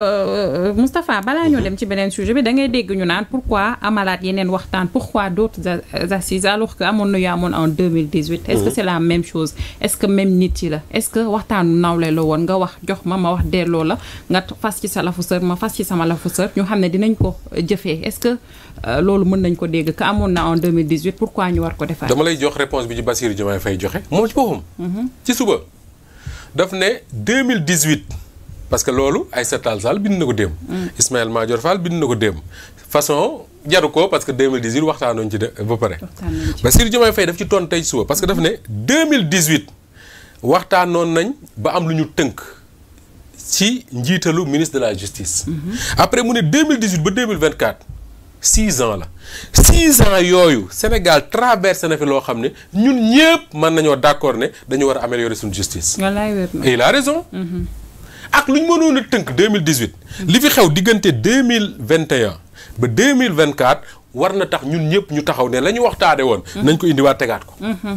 Euh, euh, Moustapha balaa ñoo mhm. dem ci beneen sujet bi da ngay dégg ñu naan pourquoi amalaat yeneen waxtaan pourquoi d'autres euh, assises alors que amoon na yu amoon en 2018 est-ce que mhm. c'est la même chose est-ce que même nit yi la est que waxtaanu nawle la woon nga wax jox ma ma wax delloo la nga fas ci sa lafu sër ma fas ci sama lafu sër ñu xam ne dinañ ko jëfee est-ce que loolu mën nañ ko dégg que amoon na en 2018 pourquoi ñu war ko defaat dama lay jox réponse bi ci Bassirou Diomaye Faye joxe parce que loolu ay Tall Sall bind na ko démb. Ismaël Madior Fall bind na ko démb façon jaru ko parce que 2018 waxtaanoon ci de ba pare. Bassirou Diomaye Faye daf ci tontu tey suba parce que daf ne 2018 waxtaanoon nañ ba am lu ñu tënk ci njiitalu ministre la justice. Mhm. après mu ne 2018 ba 2024 six ans la six ans yooyu Sénégal traversé na fi loo xam ne ñun ñëpp mën nañoo d'accord ne dañu war a améliorer suñu justice. na et il raison. Mhm. ak lu ñu mënoon a tënk 2018 mm. li fi xew diggante 2021 ba 2024 war na tax ñun ñëpp ñu taxaw ne la ñu waxtaane woon mm. nañ ko indiwaa tegaat ko mm-hmm.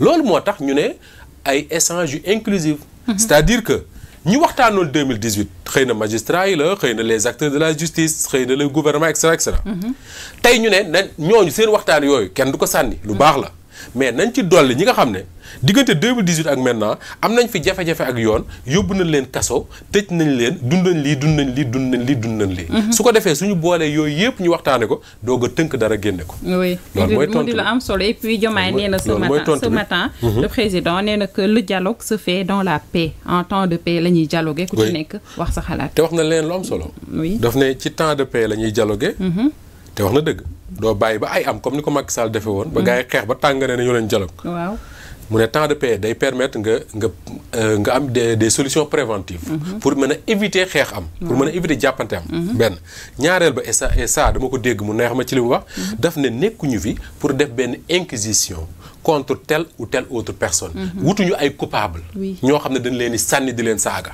loolu moo tax ñu ne ay échange yu inclusive mm-hmm. c'est-à-dire que ñi waxtaanoon 2018 xëy na magistrats yi la xëy na les acteurs de la justice xëy na le gouvernement et cetera et cetera mm-hmm. tey ñu ne na ñooñu seen waxtaan yooyu kenn du ko sànni lu baax la mais nañ ci dolli ñi nga xam ne diggante 2018 ak maintenant am nañ fi jafe-jafe ak yoon yóbbu nañ leen kaso tëj nañ leen dundañ nañ lii dund nañ lii dund nañ lii dund mhm. su ko defee suñu boolee yooyu yëpp ñu waxtaane ko doog tënk dara génne ko. loolu mooy tontu bi lu am solo et puis Diomaye nee na ce matin ce matin mhm. le président nee na que le dialogue se dans la paix en temps de paix la ñuy dialoguer. ku ci nekk wax sa xalaat. te wax na leen lu am solo. oui daf ne ci temps de paix la ñuy dialoguer. Mhm. te wax na dëgg doo bàyyi ba ay am comme ni ko Macky Sall defee woon. ba mm. gars yi xeex ba tàng ne ñu leen dialogue. mu ne temps de paix day permettre nga nga euh, nga am de des solutions préventives. Mm-hmm. pour mën a éviter xeex am. pour mën a éviter jàppante am. Mm-hmm. benn ñaareel ba et ça dama ko dégg mu neex ma ci li mu wax. Mm-hmm. daf ne nekkuñu fi pour def benn inquisition. contre telle ou telle autre personne. wutuñu ay coupable ñoo xam ne dañ leen di sànni di leen saaga.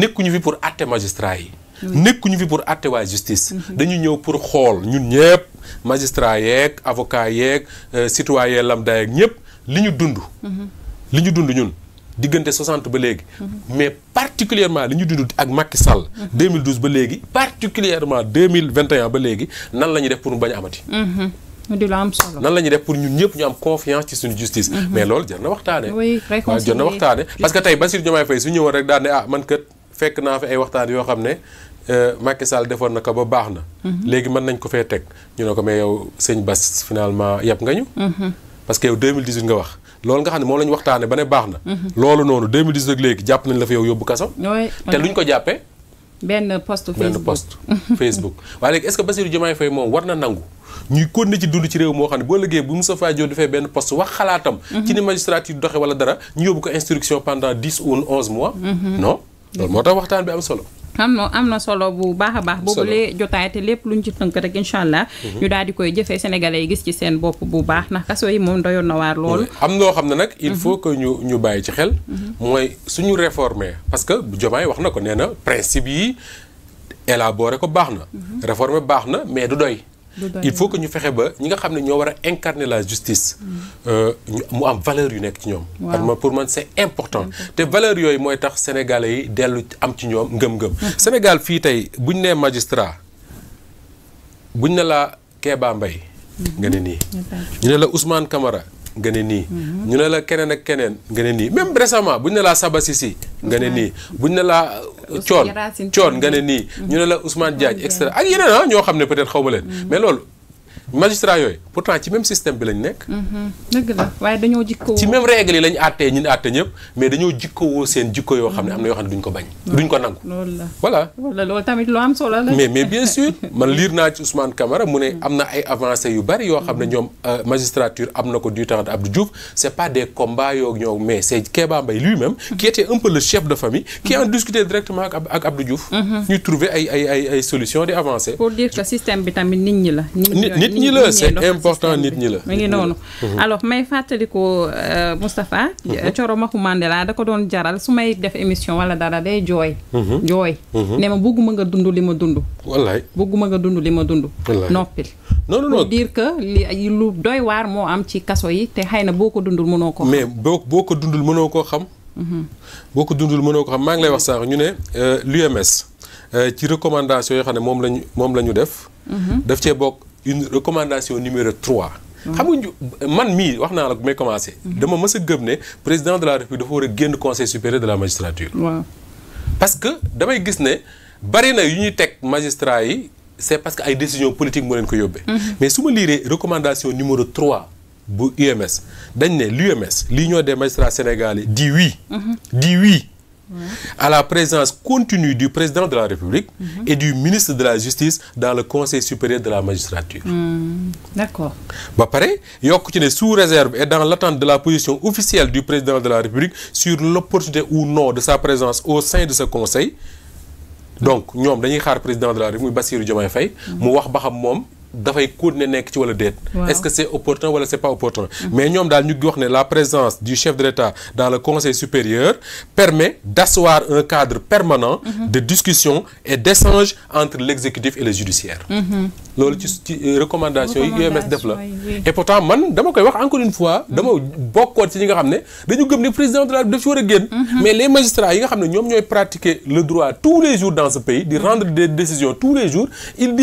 nekkuñu fi pour àtte magistrat yi. nekkuñu fi pour àtte waa justice. Mhm. dañu ñëw pour xool ñun ñëpp magistrat yeeg avocat yeeg euh, citoyen lambda yeeg ñëpp li ñu dund. Mhm. li ñu dund ñun diggante 60 ba léegi. Mhm. mais particulièrement li ñu dund ak Macky Sall. 2012 ba léegi. particulièrement 2021 ba léegi nan la ñuy def pour mu bañ a amati. di la am solo nan la ñuy def pour ñun ñëpp ñu am confiance ci suñu justice. mais loolu jar na waxtaane. oui jar na waxtaane parce que tey Bassirou Diomaye Faye su ñëwoon rek daan ah man kat. fekk naa fi ay waxtaan yoo xam ne euh, Macky Sall defoon na ko ba baax na. Mhm. léegi mën nañ ko fee teg ñu ne ko mais yow sëñ Bass finalement yab nga ñu. Mhm. parce que yow 2018 nga wax. loolu nga xam ne moom lañu ñu waxtaanee ba ne baax na. Mhm. loolu noonu 2018 ak léegi jàpp nañ la fa yow yóbbu kaso. te luñ ko jàppee. benn post Facebook waaye léegi est-ce que Bassirou moom war na nangu ñuy continuer ci dund ci réew moo xam ne boo liggéey bu Moustapha Diop defee benn post wax xalaatam. ci ni magistrature doxee wala dara ñu yóbbu loolu moo tax waxtaan bi am solo. am na am na solo bu baax a baax. solo boobu lee jotaay te lépp luñ ci tënk rek incha allah. Mhm. ñu daal di koy jëfee sénégalais gis ci seen bopp bu baax ndax kaso yi moom doyoon na waar lool. am loo xam ne nag. il mhm. faut que ñu ñu bàyyi ci xel. Mhm. mooy suñu réformer parce que Diomaye wax na ko nee na principe yi élaboré ko baax na. réformer baax na mais du doy. il faut que ñu fexe ba ñi nga xam ne ñoo war a incarner la justice. Mm. Euh, mu am valeur yu nekk ci ñoom. waaw pour man c'est important. te valeur yooyu mooy tax sénégalais yi dellu am ci ñoom ngëm-ngëm. Sénégal fii tey buñ nee magistrat buñ ne la Kéba Mbaye mm-hmm. nga ne nii. ñu ne la Ousmane Camara. nga ne nii. Mm-hmm. ñu ne la keneen ak keneen nga ne nii même récemment buñ ne la Saba Sissi nga ne nii buñ ne la. coon coon nga ne nii mm-hmm. ñu ne la Ousmane Diagne et cetera ak yeneen ah ñoo xam ne peut-être xaw ma leen mm-hmm. mais loolu magistrat yooyu pourtant ci même système bi lañ nekk. Mm-hmm. dëgg la waaye dañoo jikkoo ci même règle yi lañ àttee ñun àtte ñëpp mais dañoo jikkoo seen jikko yoo xam ne am na yoo xam ne duñ ko bañ. ko nangu loolu la voilà. tamit lu am mais mais bien liir naa ci Ousmane Camara mu ne am na ay avancées yu bari yoo xam ne mm-hmm. ñoom euh, magistrature am na ko du temps de Abdou Diouf c'est pas des combats yoo ñoo mais c'est Kéba Mbaye lui-même. qui mm-hmm. était un peu le chef de famille. qui en discutait directement ak ak Abdou Diouf. ñu trouver ay ay ay ay di avancer. pour dire que système bi tamit nit ñi la. ñi la c'est important nit ñi la mi ngi noonu mhm. alors may fàttaliku euh, Moustapha Coro mhm. Maxu Mandela da ko doon jaral su may def émission wala dara day jooy mhm. jooy ne ma bëgguma nga dund li ma dund wallaay bëgguma nga dund li ma dund noppil non non non pour dire que li lu doy waar moo am ci kaso yi te xëy na boo ko dundul mënoo ko mais boo boo ko dundul mënoo koo xam boo ko dundul mënoo ko xam maa ngi lay wax sax ñu ne euh, l'UMS euh, ci recommandation yoo xam ne moom lañu moom la ñu def daf cee bokk une recommandation numéro 3. xam nga man mii wax naa la bu may commencé. dama mës a ne président de la république dafa war a génn conseil supérieur de la magistrature. waaw parce que damay gis ne bari na yu ñuy teg magistrat yi c'est parce que ay décisions politique moo leen ko yóbbee. Mhm. mais su ma liiree recommandation numéro 3 bu UMS dañ ne l'UMS l'union des magistrats sénégalais dit oui. Mhm. dit oui. à la présence continue du président de la République mhm. et du ministre de la Justice dans le Conseil supérieur de la magistrature hmm, d'accord ba pare yokk ci ne sous réserve et dans l'attente de la position officielle du président de la République sur l'opportunité ou non de sa présence au sein de ce conseil donc ñoom dañuy xaar président de la République muy Bassirou Diomaye Faye mu mhm. wax ba xam moom dafay continuer nekk ci wala déet. est-ce que c'est opportun wala c'est pas opportun. Mm-hmm. mais ñoom daal ñu ngi wax ne la présence du chef de l'État dans le conseil supérieur permet d'asseoir un cadre permanent. Mm-hmm. de discussion et d'échange entre l'exécutif et le judiciaire. Mm-hmm. loolu ci recommandation yi UMS def la. et pourtant man dama koy wax encore une fois. dama bokkoon ci ñi nga xam ne dañu gëm ne président de la daf ci war a génn. mais les magistrats yi n xam ne ñoom ñooy pratiquer le droit tous les jours des décisions tous les jours ils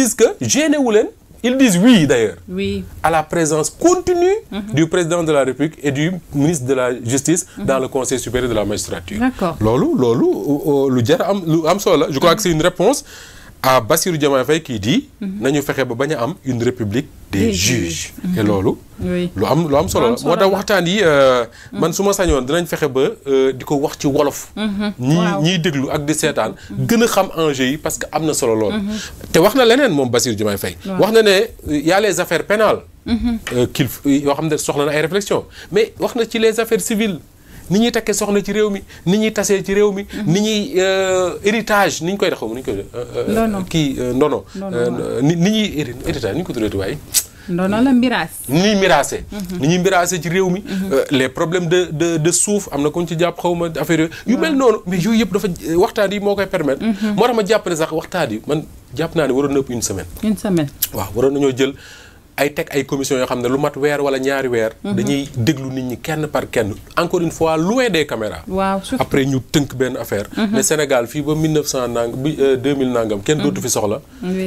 ils disent oui d'ailleurs oui. à la présence continue mm -hmm. du président de la République et du ministre de la justice mm -hmm. dans le conseil supérieur de la magistrature loolu loolu euh, euh, lu jar am lu am solo la je crois mhm. que c'est une réponse à Bassirou Diomaye Faye kii di. Mhm. nañu fexe ba bañ a am une république des juges mhm. loolu lu am lu am solo la moo tax waxtaan yi euh, man mhm. su ma sañoon danañ fexe ba euh, di ko wax ci wolof ñi ñiy déglu ak di seetaan gën a xam enjeu yi parce que am na solo loolu te wax na leneen moom Bassirou Diomaye Faye wax na ne y a les affaires pénales kil euh, yoo xam ne soxla na ay réflexion mais wax na ci les affaires civiles ni ñuy takkee soxna ci réew mi ni ñuy tasee ci réew mi. Mhm. ni ñuy euh, héritage ni ñu koy taxaw ni ñu koy. Euh, euh, ndono kii ndono. ni ñuy héritage ni ñu ko tuddee waaye. ndono la miraas. ni ñuy miraase. Mhm. ni ñuy miraase ci réew mi. Mhm. les problème de de de suuf am na kon ci jàpp xaw ma affaire yu mel noonu mais yooyu yëpp dafa waxtaan yi moo koy permettre. moo tax ma jàpp ne sax waxtaan yi man jàpp naa ne waroon na ëpp une semaine. une semaine waaw waroon nañoo jël. ay teg ay commission yoo xam ne lu mat weer wala ñaari weer. Mhm. dañuy déglu nit ñi kenn par kenn encore une fois loué des caméras. waaw après ñu tënk benn affaire. ne mhm. Sénégal fii ba 1900 nangam bi 2000 euh, nangam. kenn mhm. dootu fi soxla.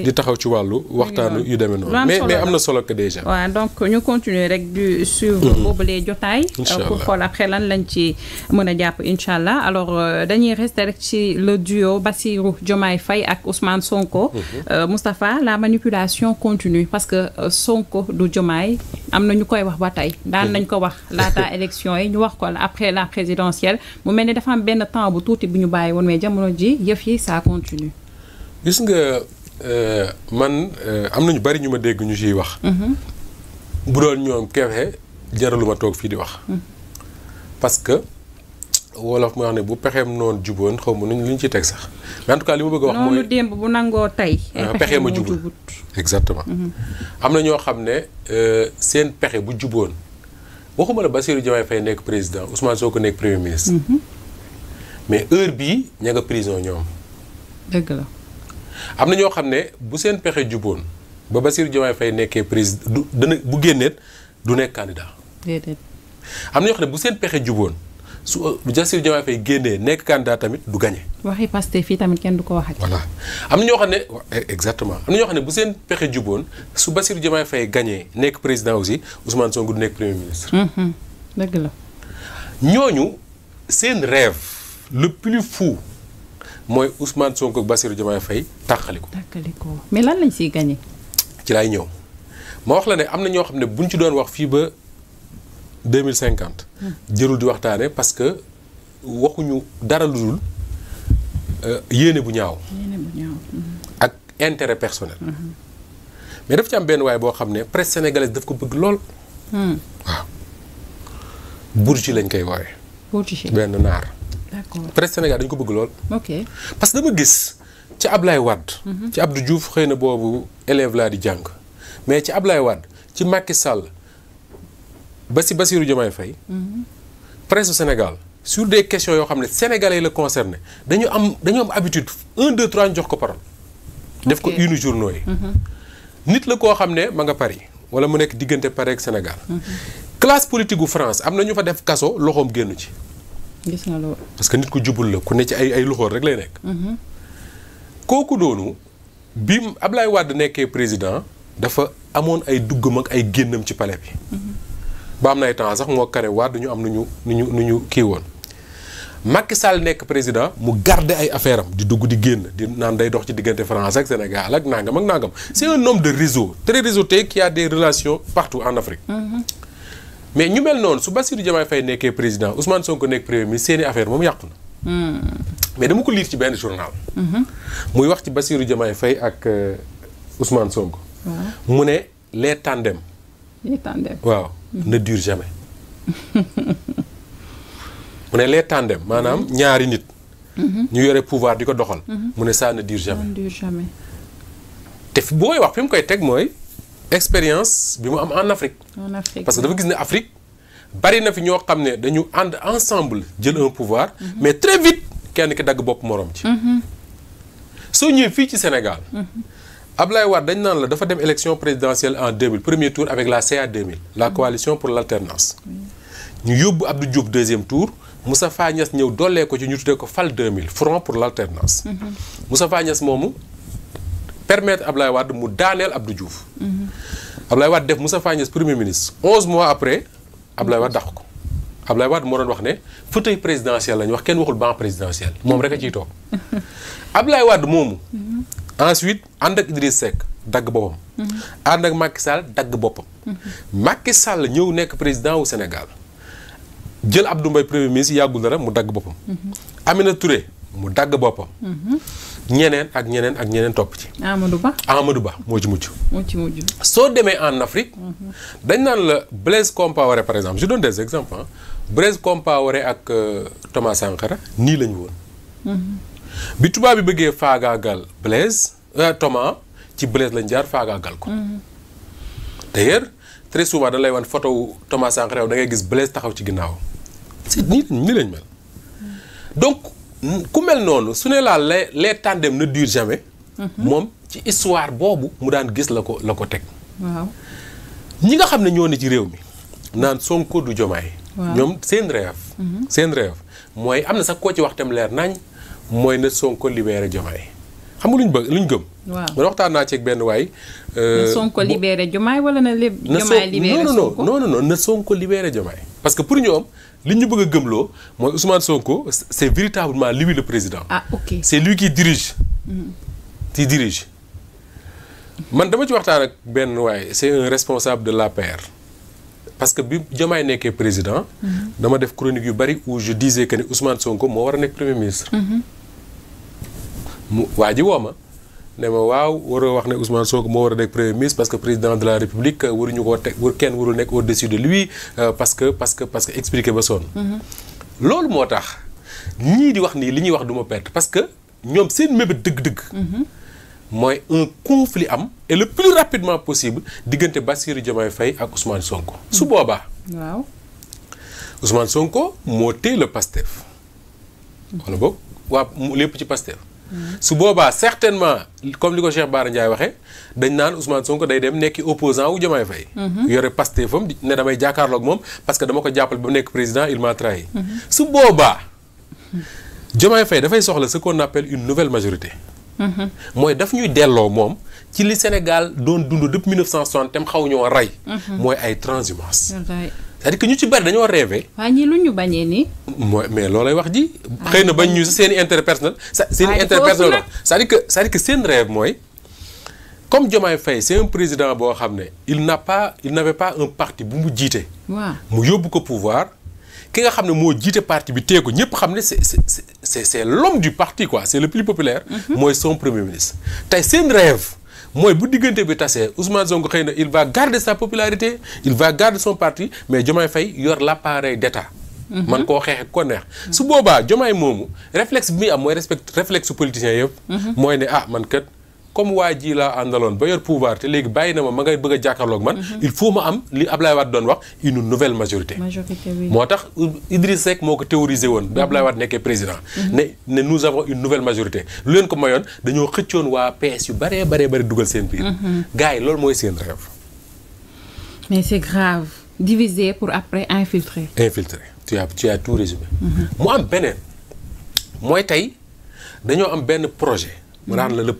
di taxaw ci wàllu waxtaan yu demee noonu. mais mais am na solo que déjà. waaw donc ñu continuer rek di suivre. boobule jotaay. Euh, pour xool après lan lañ ci mën a jàpp incha allah alors euh, dañuy rester rek ci le duo Bassirou Diomaye Faye ak Ousmane Sonko. Moustapha la manipulation continue parce Sonko du Diomaye am na ñu koy wax ba tey daan nañ ko wax laata élection yi ñu wax ko la après la présidentielle mu mel ni dafa am benn temps bu tuuti bu ñu bàyyi woon mais jamono ji yëf yi ça continue gis nga euh, man euh, am nañu bari ñu ma dégg ñu ciy wax mhm. bu doon ñoom kefe jaraluma toog fii di wax mhm. parce wolof mu wax ne bu pexeem noonu juboon xaw ma nuñ luñ ci teg sax mais en tout cas li ma bëgg a wax. mooy noonu démb tey. Ah, eh, pexe ma jubut exactement. Mhm. am na ñoo xam ne euh, seen pexe bu juboon waxuma la Bassirou Diomaye Faye nekk président Ousmane Sonko nekk premier ministre. Mhm. mais heure bii ña nga prison ñoom. am na ñoo xam ne bu seen pexe juboon ba Bassirou Diomaye Faye nekkee président du dana bu génneet du nekk na ñoo bu seen pexe juboon. su euh, Bassirou Diomaye Faye génnee nekk candidat tamit du gagné. waxi Pastef fii tamit kenn du ko waxati. voilà am na ñoo xam ne eh, exactement am na ñoo xam ne bu seen pexe juboon su Bassirou Diomaye Faye gagné nekk président aussi Ousmane Sonko du nekk premier ministre. Mm-hmm. dëgg la. ñooñu seen rêve le mooy Ousmane Sonko ak Bassirou Diomaye Faye tàqali ko. tàqali ko mais lan lañ siy gagné. ci laay ñëw ma wax la ne am na ñoo xam ne buñ ci doon wax fii ba. deux mille cinquante. jërul di waxtaane parce que waxuñu dara lu dul euh, yéene bu ñaaw. ak intérêt personnel. mais daf ci am benn waay boo xam ne presse sénégalaise daf ko bëgg lool. Hmm. waaw Bourgi lañ koy wooye Bourgi benn naar. d'accord presse dañ ko bëgg lool. ok que dama gis ci Ablaye Wade. Mhm. ci Abdou Diouf xëy na boobu élève laa di jàng mais ci Ablaye Wade ci Macky Sall. ba si Bassirou Diomaye Faye presse Sénégal sur des questions yoo xam ne sénégalais la concerné dañu am dañu am habitude un deux trois ñu jox ko parole def ko une journaux yi nit la koo xam ne ma nga Paris wala mu nekk diggante Paris ak Sénégal classe politique gu France am na ñu fa def kaso loxoom génn ci gis na loolu que nit ku jubul la ne ci ay ay loxoor rek lay nekk kooku doonu bi Ablaye Wade nekkee président dafa amoon ay duggam ak ay génnam ci palais bi ba am na ay temps sax moo kare waat du ñu am nu ñu nu ñu nu ñu kii woon Macky Sall nekk président mu garde ay affaire di dugg di génn di naan day dox ci diggante France ak Sénégal ak nangam ak nangam c'est un homme de réseau très réseauté qui a des relations partout en Afrique. Mhm. mais ñu mel noonu su Bassirou Diomaye Faye nekkee président Ousmane Sonko nekk premier ministre seeni affaire moom yàqu na. Hmm. mais dama ko liir ci benn journal. Mhm. muy wax ci Bassirou Diomaye fay ak euh, Ousmane Sonko. ne les tandems. les ne du jamais mu ne les tandem maanaam ñaari nit mhm. ñu yore pouvoir di ko doxal mhm. mu ne ça ne dure jamais te booy wax fi mu koy teg mooy expérience bi mu am en Afrique parce que dafa gis ne Afrique bari na fi ñoo xam ne dañu ànd ensemble jël un pouvoir mhm. mais très vite kenn ki dagg bopp moroom ci soo ñëwee fii ci Sénégal Ablaye Wade dañ naan la dafa dem élection présidentielle en 2000 premier tour avec la CA 2000 la coalition pour l'alternance ñu yóbbu Abdou Diouf deuxième tour Moustapha Niasse ñëw doolee ko ci ñu tuddee ko FAL 2000 front pour l'alternance mhm. Moustapha Niasse moomu permettre Ablaye Wade mu daaneel Abdou Diouf mhm. Ablaye Wade def Moustapha Niasse premier ministre onze mois après Ablaye Wade dàq ko Ablaye Wade moo doon wax ne fauteuil présidentiel lañu wax kenn waxul banc présidentiel moom rek a ciy toog lay Wade moomu mhm. ensuite ànd ak Idriss Seck dagg boppam. Mm-hmm. ànd ak Macky Sall dagg boppam. Mm-hmm. Macky Sall ñëw nekk président wu Sénégal jël Abdou Mbaye premier ministre yàggul dara mu dagg boppam. Mm-hmm. na Touré mu dagg boppam. ñeneen ak ñeneen ak ñeneen topp ci. Amadou Ba Amadou Ba moo ci mujj. ci soo demee en Afrique. dañ naan la Blaise Compaoré par exemple je donne des exemple ah Blaise Compaoré ak euh, Thomas Sankara nii la ñu woon. bi tubaab bi bëggee faagaagal Blaise euh, Thomas ci Blaise lañ jaar faagaagal ko. Mm-hmm. d'ailleurs très souvent da lay wan photo wu Thomas Sankara yow da ngay gis Blaise taxaw ci ginnaaw c'est nii mel. Mm-hmm. donc ku mel noonu su ne laa les les tandem ne dure jamais. Mm-hmm. moom ci histoire boobu mu daan gis la ko la ko teg. ñi nga xam ne ñoo ne ci réew mi naan Sonko du Diomaye. ñoom seen rêve. mooy am na sax koo ci wax leer nañ. mooy na Sonko libéré Diomaye xam nga luñ bëgg luñ gëm. waaw man waxtaan naa ci benn waay. Euh, na Sonko libéré Diomaye wala na. Diomaye libéré Sonko non non parce que pour ñoom li ñu bëgg a gëmloo mooy Ousmane Sonko c' est véritablement lui le président. ah ok c' est lui qui dirige. Mm-hmm. qui dirige. man dama ci waxtaan ak benn waay c' est un responsable de per parce que bi Diomaye nekkee président. Mm-hmm. dama def chronique yu bari où je disais que ne Ousmane Sonko moo war a nekk premier mu waa ji woo ma ne ma waaw waroo wax ne Ousmane Sonko moo war a nekk premier que président de la République euh, waruñu ko teg war kenn warul euh, parce que parce que parce que expliqué ba sonn. Mhm. moo tax ñii di wax nii li ñuy wax du ma parce que ñoom seen mébét dëgg-dëgg. Mhm. mooy un conflit am et le plus diggante Bassirou Diomaye Faye ak Ousmane su mhm. boobaa. waaw Ousmane moo téye le Pastef. wala boog waa lépp ci Pastef. su boobaa certainement comme li ko Cheikh Bara Ndiaye waxee dañ naan Ousmane Sonko day dem nekki opposant wu Diomaye Faye mhm. yore Pastefam ne damay jàkkaarloog moom parce que dama ko jàppale ba nekk président il m'a trahi mhm. su boobaa Diomaye Faye dafay soxla ce qu'on appelle une nouvelle majorité mhm. mooy daf ñuy delloo moom ci li Sénégal doon dund depuis 1960 tam xaw ñoo rey mooy ay transhumance cest à que ñu ci bari dañoo rêvé. waaw ñii lu ñu bañee nii. mooy mais loolay wax ji. Ah, xëy na bañ ñu seen i intérêt personnel. Ah, seen i intérêt personnel cest seen rêve mooy comme Diomaye fay seen président boo xam ne il n'a pas il n'avait pas un parti bu mu jiite. mu yóbbu ko pouvoir. ki nga xam ne moo jiite parti bi tee ko ñëpp xam ne c'est c'est c'est l'homme du parti quoi c'est le plus populaire. Mm-hmm. mooy son premier ministre tey seen rêve. mooy bu diggante bi tasee Ousmane Sonko xëy na il va garder sa popularité il va garder son parti mais Diomaye fay yor l'appareil d'État mhm. man koo xeexe ko neex su boobaa Diomaye moomu réflexe bi muy am mooy respect réflexe politicien yëpp mhm. mooy ne ah man kat comme waa ji laa àndaloon ba yor pouvoir te léegi bàyyi na ma ma ngay bëgg a jàkkaarloog man. Mhm. il faut ma am li Ablaye Wade doon wax une nouvelle majorité. moo tax Idriss Seck moo ko théorisé woon bi Ablaye Wade nekkee président. Mhm. ne ne nous avons une nouvelle majorité lu leen ko mayoon dañoo xëccoon waa PS yu baree bare bari dugal seen biir. Mhm. gars yi loolu mooy seen rêve. mais c'est grave diviser pour après infiltrer. infiltrer tu as tu as tout résumé. mu am beneen mooy tey dañoo am benn projet. mu daan